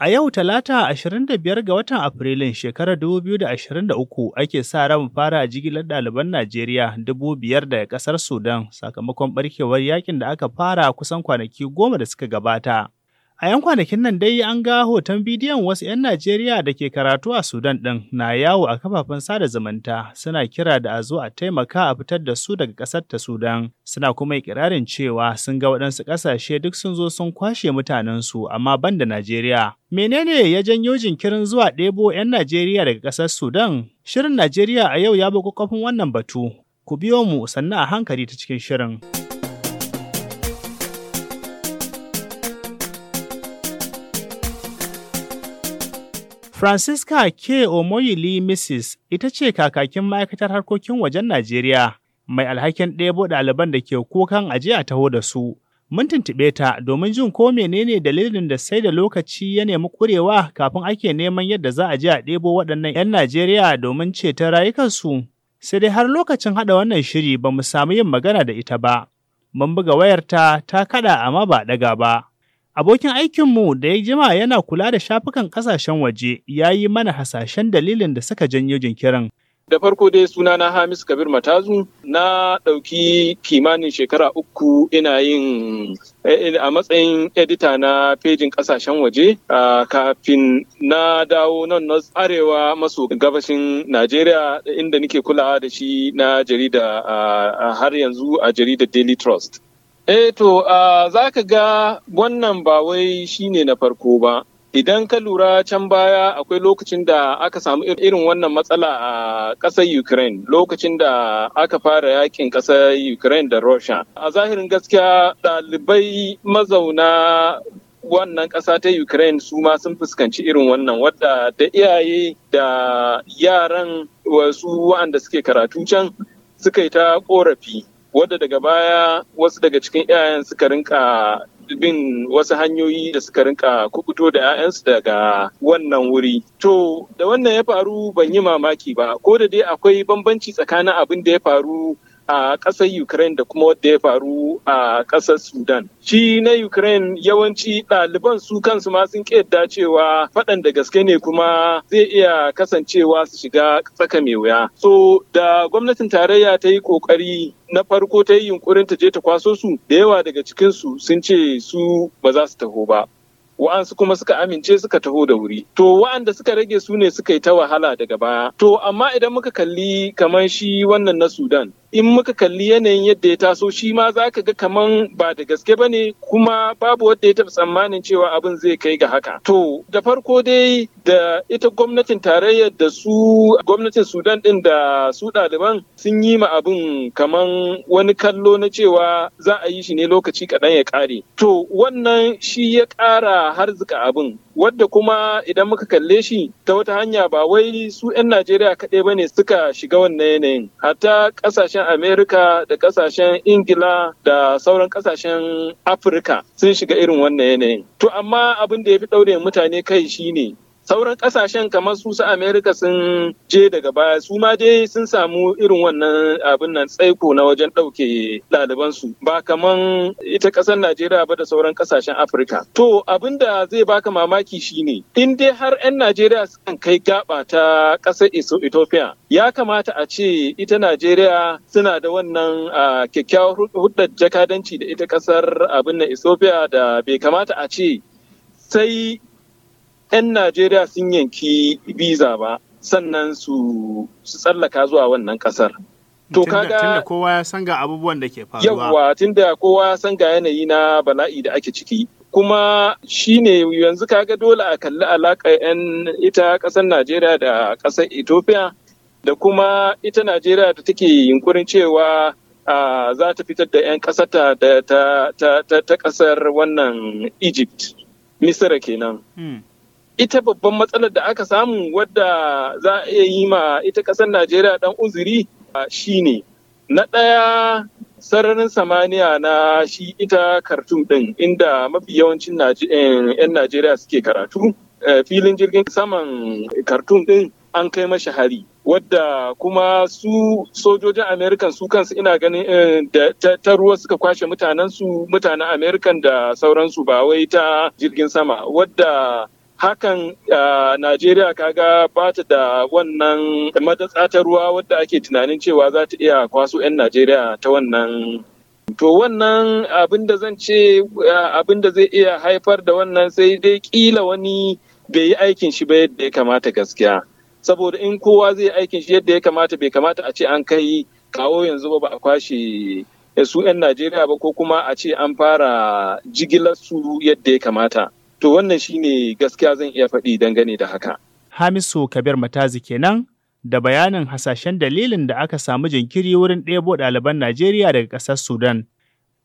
A yau Talata 25 ga watan Afrilun shekarar 2023 ake sa ran fara a jigilar ɗaliban Najeriya dubu biyar da ƙasar Sudan sakamakon ɓarkewar yakin da aka fara kusan kwanaki goma da suka gabata. A ‘yan kwanakin nan dai an ga hoton bidiyon wasu ‘yan Najeriya da ke karatu a Sudan ɗin na yawo a kafafen sada zumunta suna kira da a zo a taimaka a fitar da su daga ƙasar ta Sudan. Suna kuma ikirarin cewa sun ga waɗansu ƙasashe duk sun zo sun kwashe mutanensu amma ban da Najeriya. Menene ya janyo jinkirin zuwa ɗebo ‘yan Najeriya daga ƙasar Sudan? Shirin Najeriya a yau ya bi kwakwafin wannan batu. Ku biyo mu sannan a hankali ta cikin shirin. Francisca K. Omoyili Mrs. ita ce kakakin ma'aikatar harkokin wajen Najeriya mai alhakin ɗebo ɗaliban da ke kokan kan ajiya taho da su. Mun tuntuɓe ta domin jin ko menene dalilin da sai da lokaci ya nemi ƙurewa kafin ake neman yadda za a je a ɗebo waɗannan 'yan Najeriya domin ce ta rayukansu. Sai dai har lokacin haɗa wannan shiri ba mu samu yin magana da ita ba. Mun buga wayarta ta kaɗa amma ba ɗaga ba. Abokin aikinmu da ya jima yana kula da shafukan kasashen waje ya yi mana hasashen dalilin da suka janyo jinkirin. Da farko dai suna na Hamis Kabir Matazu na ɗauki kimanin shekara uku ina yin eh, a matsayin edita na fejin ƙasashen waje kafin na dawo nan na arewa maso gabashin Najeriya inda nake kulawa da shi na jarida har yanzu a jaridar Daily Trust. Eh to, uh, za ka ga wannan ba wai shi ne na farko ba. Idan ka lura can baya akwai lokacin da aka samu irin wannan matsala a ƙasar Ukraine lokacin da aka fara yakin ƙasar Ukraine da Russia. A zahirin gaskiya ɗalibai mazauna wannan ƙasa ta Ukraine su ma sun fuskanci irin wannan wadda da iyaye da yaran wasu waɗanda suke karatu can suka yi ta ƙorafi. wadda daga baya wasu daga cikin 'ya'yan suka rinka bin wasu hanyoyi da suka rinka kubuto da 'ya'yansu daga wannan wuri. To, da wannan ya faru ban yi mamaki ba, ko da dai akwai bambanci tsakanin abin da ya faru a ƙasar Ukraine da kuma wadda ya faru a ƙasar Sudan. Shi na Ukraine yawanci ɗaliban su kansu ma sun ƙeda cewa faɗan da gaske ne kuma zai iya kasancewa su shiga tsaka mai wuya. So da gwamnatin tarayya ta yi ƙoƙari na farko ta yi yunƙurin ta je ta kwaso su da yawa daga cikin su sun ce su ba za su taho ba. wa'ansu kuma suka amince suka taho da wuri to wa'anda suka rage su ne suka yi ta wahala daga baya to amma idan muka kalli kamar shi wannan na sudan in muka kalli yanayin yadda ya taso shi ma za ka ga kaman ba da gaske ba ne kuma babu wanda ya taɓa tsammanin cewa abin zai kai ga haka. To da farko dai da ita gwamnatin tarayyar da su gwamnatin Sudan ɗin da su ɗaliban sun yi ma abin kaman wani kallo na cewa za a yi shi ne lokaci kaɗan ya ƙare. To wannan shi ya ƙara harzika abin wadda kuma idan muka kalle shi ta wata hanya ba wai su 'yan Najeriya kaɗai ba ne suka shiga wannan yanayin hatta ƙasashen kasashen amerika da kasashen ingila da sauran kasashen afirka sun shiga irin wannan yanayin to amma abin da ya fi ɗaure mutane kai shine sauran kasashen kamar su su Amerika sun je daga baya su ma dai sun samu irin wannan abin nan tsaiko na wajen ɗauke ɗalibansu ba kaman ita ƙasar najeriya ba da sauran kasashen afirka to abin da zai baka mamaki shine in dai har 'yan najeriya sukan kai gaba ta ƙasar ethiopia ya kamata a ce ita najeriya suna da wannan kyakkyawar hudar jakadanci da ita ƙasar abin na ethiopia da bai kamata a ce sai 'yan Najeriya sun yanki biza ba sannan su tsallaka zuwa wannan kasar. To kaga tunda kowa ya san ga abubuwan da ke faruwa. Yawwa tunda kowa ya san ga yanayi na bala'i da ake ciki. Kuma shi ne yanzu kaga dole a kalli alaƙa 'yan ita ƙasar Najeriya da ƙasar Ethiopia da kuma ita Najeriya da take yunkurin cewa za ta fitar da 'yan ta ta ƙasar wannan Egypt, Misira kenan. Hmm. ita babban matsalar da aka samu wadda za a iya yi ma ita ƙasar najeriya dan uzuri shine na ɗaya sararin samaniya na shi ita kartun ɗin inda mafi yawancin 'yan eh, najeriya suke karatu eh, filin jirgin saman kartum ɗin an kai mashi hari wadda kuma su sojojin amerikan su kansu ina ganin eh, da ta ruwa suka kwashe su mutanen amerikan da sauransu ba wai ta jirgin sama wadda hakan najeriya kaga ba ta da wannan madatsa ruwa wadda ake tunanin cewa za ta iya kwaso 'yan najeriya ta wannan to wannan abin da zan ce abin da zai iya haifar da wannan sai dai kila wani bai yi aikin shi ba yadda ya kamata gaskiya saboda in kowa zai yi aikin shi yadda ya kamata bai kamata a ce an kai kawo yanzu ba a kwashe su 'yan najeriya ba ko kuma a ce an fara jigilar su yadda ya kamata To wannan shine gaskiya zan iya faɗi dangane da haka. Hamisu Kabir Matazi kenan da bayanin hasashen dalilin da aka samu jinkiri wurin ɗebo ɗaliban Najeriya daga ƙasar Sudan.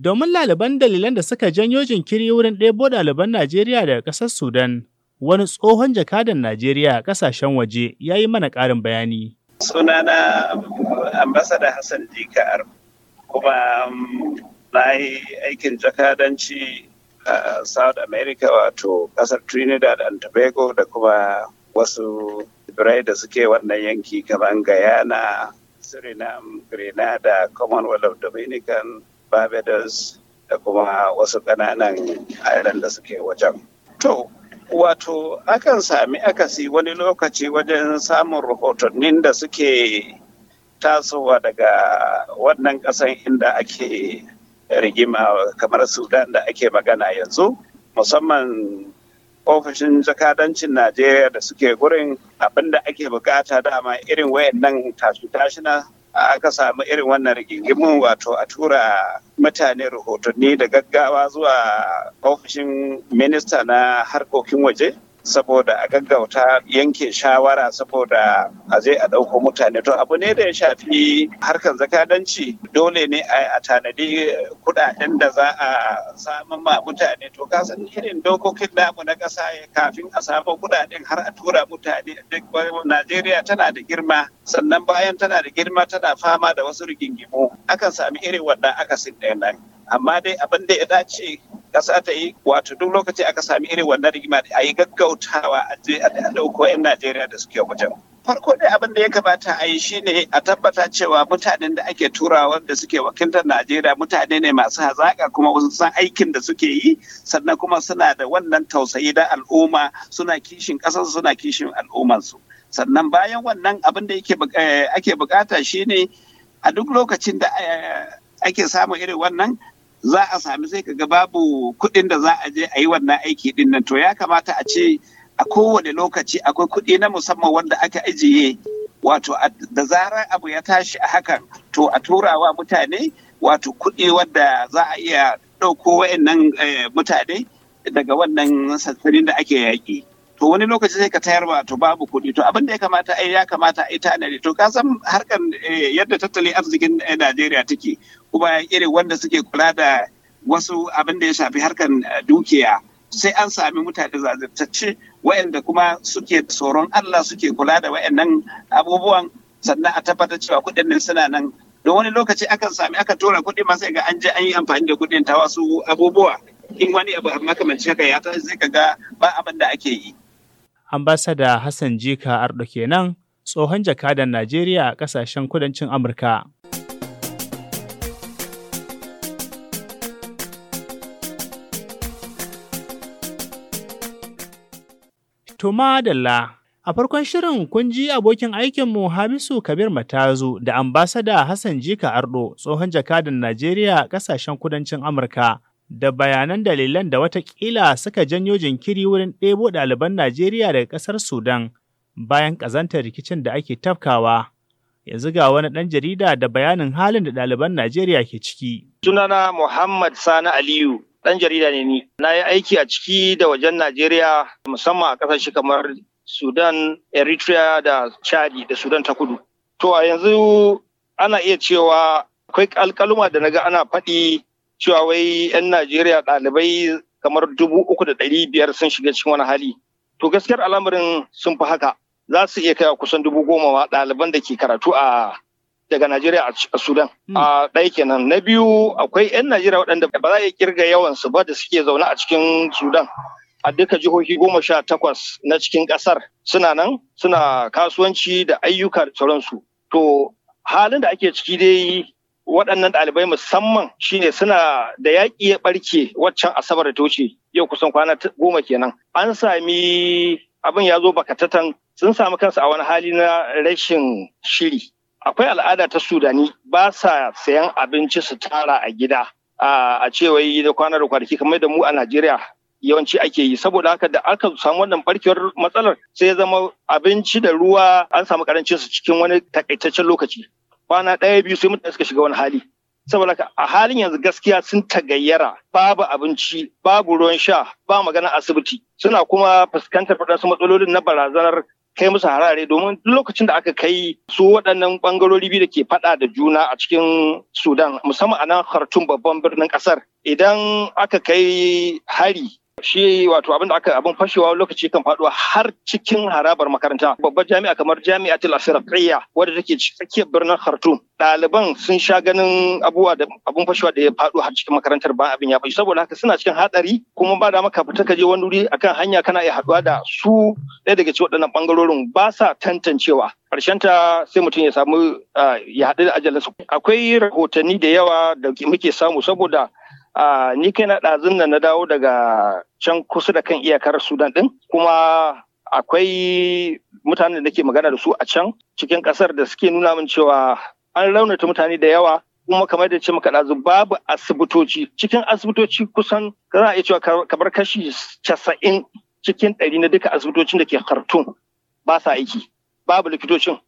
Domin laliban dalilan da suka janyo jinkiri wurin ɗebo ɗaliban Najeriya daga ƙasar Sudan, wani tsohon jakadan Najeriya a ƙasashen waje ya yi mana ƙarin bayani. Sunana ambasada Hassan Dikar kuma mm, na yi aikin jakadanci a south america wato kasar trinidad and tobago da kuma wasu birai da suke wannan yanki kamar guyana suriname grenada commonwealth of dominican barbados da kuma wasu ƙananan island da suke wajen to wato akan sami akasi wani lokaci wajen samun rahotannin da suke tasowa daga wannan ƙasan inda ake rigima kamar sudan da ake magana yanzu musamman ofishin jakadancin najeriya da suke gurin abinda ake bukata dama irin wayannan tashi-tashina aka samu irin wannan rigingimin wato a tura mutane rahotanni da gaggawa zuwa ofishin minista na harkokin waje saboda a gaggauta yanke shawara saboda a zai a ɗauko mutane to abu ne da ya shafi harkar zakadanci dole ne a tanadi kuɗaɗen da za a samun ma mutane to kasan irin dokokin namu na ƙasa kafin a samu kuɗaɗen har a tura mutane Najeriya tana da girma sannan bayan tana da girma tana fama da wasu rigingimu akan sami irin wannan akasin ɗaya nan amma dai abin da ya dace ƙasa ta yi wato duk lokaci aka sami irin wannan rigima a yi gaggautawa a je a ɗauko 'yan Najeriya da suke wajen. Farko dai abin da ya kamata a yi shine a tabbata cewa mutanen da ake turawa da suke wakiltar Najeriya mutane ne masu hazaƙa kuma wasu san aikin da suke yi sannan kuma suna da wannan tausayi da al'umma suna kishin ƙasar suna kishin al'ummarsu. Sannan bayan wannan abin da ake bukata shine a duk lokacin da eh, ake samun irin wannan za a sami sai ka babu kuɗin da za a je a yi wannan aiki din nan to ya kamata a ce a kowane lokaci akwai kuɗi na musamman wanda aka ajiye wato da zarar abu ya tashi a hakan to a turawa mutane wato kuɗi wanda za a iya ɗauko wayannan eh, mutane daga wannan sansanin da ake yaƙi. to wani lokaci sai ka tayar ba to babu kuɗi to abin da ya kamata ai ya kamata ai ta nare to ka san harkar eh, yadda tattalin arzikin eh, Najeriya take kuma irin wanda suke kula da wasu abin da ya shafi harkar eh, dukiya sai an sami mutane zazirtacce waɗanda kuma suke tsoron Allah suke kula da waɗannan abubuwan sannan a tabbatar cewa kuɗin nan suna nan don wani lokaci akan sami aka tura kuɗi ma sai ga an je an yi amfani da kuɗin ta wasu abubuwa in wani abu makamanci haka ya ta sai ka ga ba abin da ake yi ambasada Hassan Jika Ardo kenan tsohon jakadan Najeriya a ƙasashen kudancin Amurka. Tuma Adalla A farkon shirin kun ji abokin aikinmu Hamisu Kabir Matazu da ambasada Hassan Jika Ardo tsohon jakadan Najeriya a ƙasashen kudancin Amurka da bayanan dalilan da watakila suka janyo jinkiri wurin ɗebo ɗaliban Najeriya daga ƙasar Sudan bayan ƙazantar rikicin da ake tafkawa. Yanzu ga wani ɗan jarida da bayanin halin da ɗaliban Najeriya ke ciki. Sunana Muhammad Sani Aliyu, ɗan jarida ne ni. Na yi aiki a ciki da wajen Najeriya musamman a ƙasashe kamar Sudan, Eritrea da Chadi da Sudan ta kudu. To a yanzu ana iya cewa akwai alkaluma da na ga ana faɗi cewa wai 'yan Najeriya ɗalibai kamar dubu uku da ɗari biyar sun shiga cikin wani hali. To gaskiyar al'amarin sun fi haka za su iya kai kusan dubu goma ma ɗaliban da ke karatu a daga Najeriya a Sudan. Hmm. A ɗaya kenan. Na biyu akwai 'yan Najeriya waɗanda ba za a iya kirga su ba da suke zaune a cikin Sudan. a duka jihohi goma sha takwas na cikin ƙasar suna nan suna kasuwanci da ayyuka da sauransu. To halin da ake ciki dai waɗannan ɗalibai musamman shine suna da yaƙi ya ɓarke waccan asabar da ta wuce yau kusan kwana goma kenan an sami abin ya zo bakatatan sun sami kansu a wani hali na rashin shiri akwai al'ada ta sudani ba sa sayan abinci su tara a gida a cewa yi da kwana da kwanaki kamar da mu a najeriya yawanci ake yi saboda haka da aka samu wannan barkewar matsalar sai ya zama abinci da ruwa an samu karancin su cikin wani takaitaccen lokaci kwana ɗaya biyu sai mutane suka shiga wani hali saboda ka a halin yanzu gaskiya sun tagayyara babu abinci babu ruwan sha ba magana asibiti suna kuma fuskantar waɗansu matsalolin na barazanar kai musu harare domin duk lokacin da aka kai su waɗannan ɓangarori biyu da ke faɗa da juna a cikin sudan musamman a nan khartoum babban birnin ƙasar idan aka kai hari shi wato abin da aka abin fashewa lokaci kan faduwa har cikin harabar makaranta babbar jami'a kamar jami'atul asrafiyya wadda take tsakiyar birnin khartoum ɗaliban sun sha ganin abubuwa da abin fashewa da ya faɗo har cikin makarantar ba abin ya fashe saboda haka suna cikin hatsari kuma ba da maka fita ka je wani wuri akan hanya kana iya haɗuwa da su ɗaya daga cikin waɗannan ɓangarorin ba sa tantancewa ta sai mutum ya samu ah, ya haɗu da ajalinsa akwai rahotanni da yawa da muke samu saboda ni kai na ɗazun nan na dawo daga can kusa da kan iyakar Sudan ɗin kuma akwai mutanen da nake magana da su a can cikin ƙasar da suke nuna min cewa an raunata mutane da yawa kuma kamar da ce maka ɗazu babu asibitoci cikin asibitoci kusan za a iya cewa kamar kashi casa'in cikin ɗari na duka asibitocin da ke Khartoum ba sa aiki babu likitocin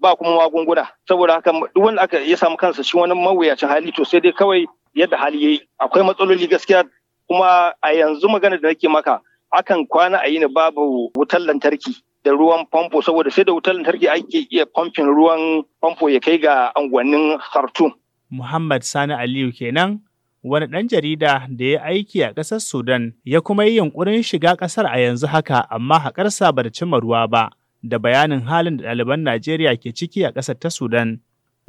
ba kuma magunguna saboda haka duk wanda aka ya samu kansa shi wani mawuyacin hali to sai dai kawai yadda hali yayi akwai matsaloli gaskiya kuma a yanzu magana da nake maka akan kwana a yi ne babu wutar lantarki da ruwan famfo saboda sai da wutar lantarki ake iya famfin ruwan famfo ya kai ga angwannin Khartoum. Muhammad Sani Aliyu kenan wani ɗan jarida da ya aiki a ƙasar Sudan ya kuma yi yunƙurin shiga ƙasar a yanzu haka amma haƙarsa ba da cimma ruwa ba da bayanin halin da ɗaliban Najeriya ke ciki a ƙasar ta Sudan.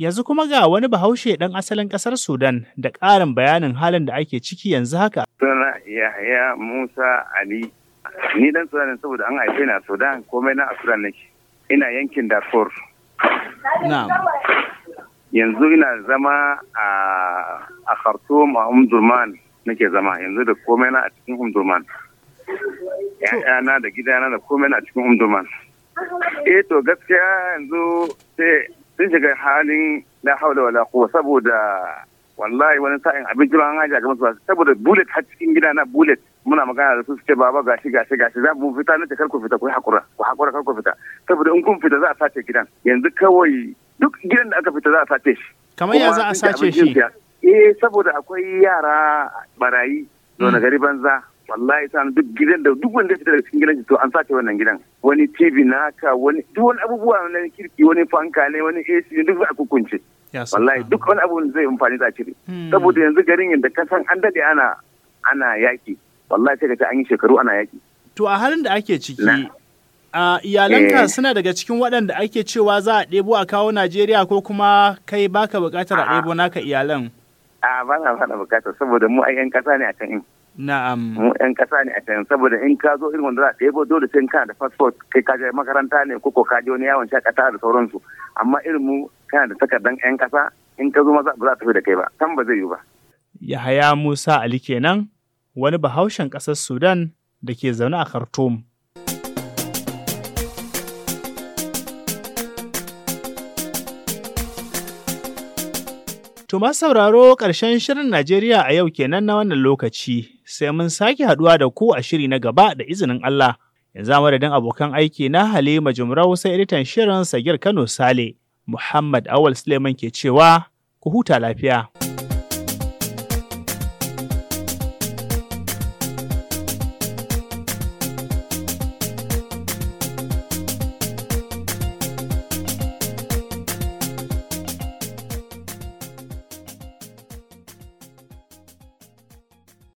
Yanzu kuma ga wani bahaushe ɗan asalin ƙasar Sudan da ƙarin bayanin halin da ake ciki yanzu haka. Suna Yahaya Musa Ali. Ni dan Sudan ne saboda an haife na Sudan komai na a Sudan nake. Ina yankin Darfur. Na'am. Yanzu ina zama a a Khartoum a Umdurman nake zama yanzu da komai na a cikin Umdurman. Ya'yana da gidana da komai na a cikin Umdurman. Eh to gaskiya yanzu sai sun shiga halin la haula wala quwwa saboda wallahi wani sa'in abinci ma an haja ga masu saboda bullet har cikin gida na bullet muna magana da su suke baba gashi gashi gashi za mu fita na ce kar ku fita ku hakura ku hakura kar ku fita saboda in kun fita za a sace gidan yanzu kawai duk gidan da aka fita za a sace shi kamar ya za a sace shi eh saboda akwai yara barayi zo na gari banza wallahi sa duk gidan da duk wanda fita daga cikin gidan to an sace wannan gidan wani TV naka wani duk wani abubuwa na kirki wani fanka ne wani AC ne duk a kukunce wallahi duk wani abu zai amfani da cire hmm. saboda yanzu garin yadda ka san an dade ana ana yaki wallahi sai ka an yi shekaru ana yaki to a halin da ake ciki a iyalanka eh. suna daga cikin waɗanda ake cewa za a ɗebo a kawo Najeriya ko kuma kai baka buƙatar a ɗebo naka iyalan a ba na buƙatar saboda mu ai 'yan ƙasa ne a can in Na'am. Mu 'yan ƙasa ne a can saboda in ka zo irin wanda za a ɗebo dole sai kana da passport kai ka je makaranta ne ko ko ka je wani yawon shakata da sauransu amma irin mu kana da takardan 'yan ƙasa in ka zo maza ba za ta fi da kai ba san ba zai yi ba. Yahaya Musa Ali kenan wani bahaushen ƙasar Sudan da ke zaune a Khartoum. Tuma sauraro ƙarshen shirin Najeriya a yau kenan na wannan lokaci sai mun sake haduwa da ku a shiri na gaba da izinin Allah. Yanzu madadin abokan aiki na Halima Jumrau sai editan shirin Sagir Kano Sale, Muhammad Awal Suleiman ke cewa, ku huta lafiya.